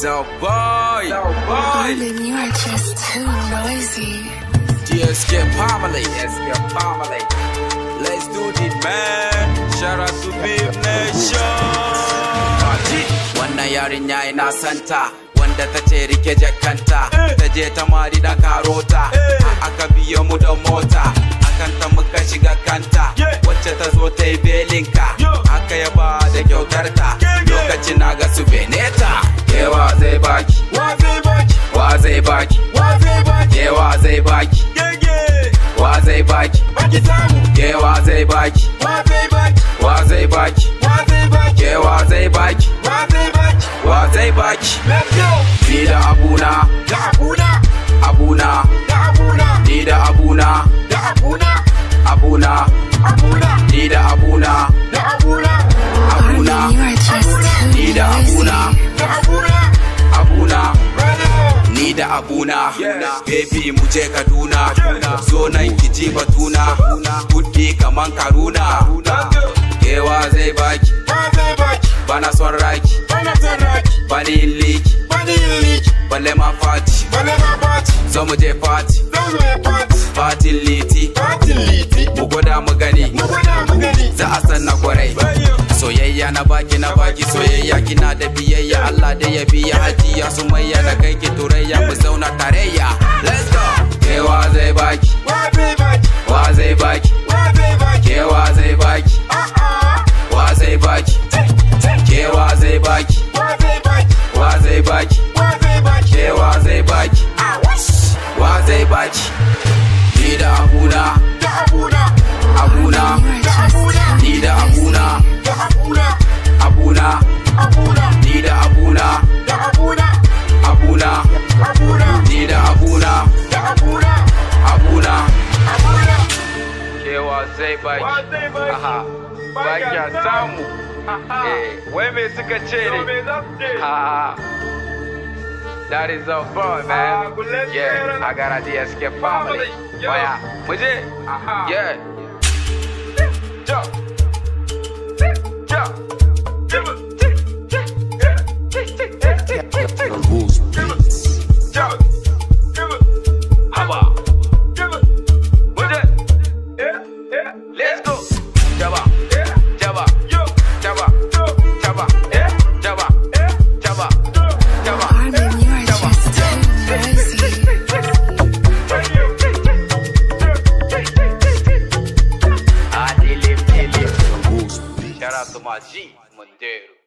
Zell boy. Marvin, you are just too noisy. Just get pommelate. Just get pommelate. Let's do the man. Shout out to Beam Nation. Wannan yarinya ina santa. Wanda ta ce rike jakanta, eh. ta je ta mari da karota, eh. aka biyo mu da mota, akanta muka shiga kanta, wacce ta zo ta yi belinka, aka yaba da kyautarta, lokacin na ga su bene. wa zai baki wa zai baki wa zai baki wa zai baki ke wa zai baki gege wa zai baki baki samu ke wa zai baki wa zai baki wa zai baki wa zai baki ke wa zai baki wa zai baki wa zai baki let's go ni da abuna da abuna abuna da abuna ni da abuna da abuna abuna abuna ni da abuna da abuna abuna ni da abuna da abuna abuna baby mu je kaduna so na ki ji batuna kuɗi kaman karuna kewa zai baki bana son raki bani liki balle ma fati zo mu je fati fati liti mu gwada mu gani na baki na baki soyayya kina da biyayya Allah da ya biya hajiya sumayya da kai ki turayya mu zauna tarayya let's go kewa zai baki wa zai baki kewa zai baki wa zai baki kewa zai baki wa zai baki kewa zai baki wa zai baki baki aha baki a samu wai me suka ce ne That is a fun, ah, man. Yeah, I got a DSK family. Waya, muje? Oh, yeah. Jump. Jump. ャラとマジ、マンデール。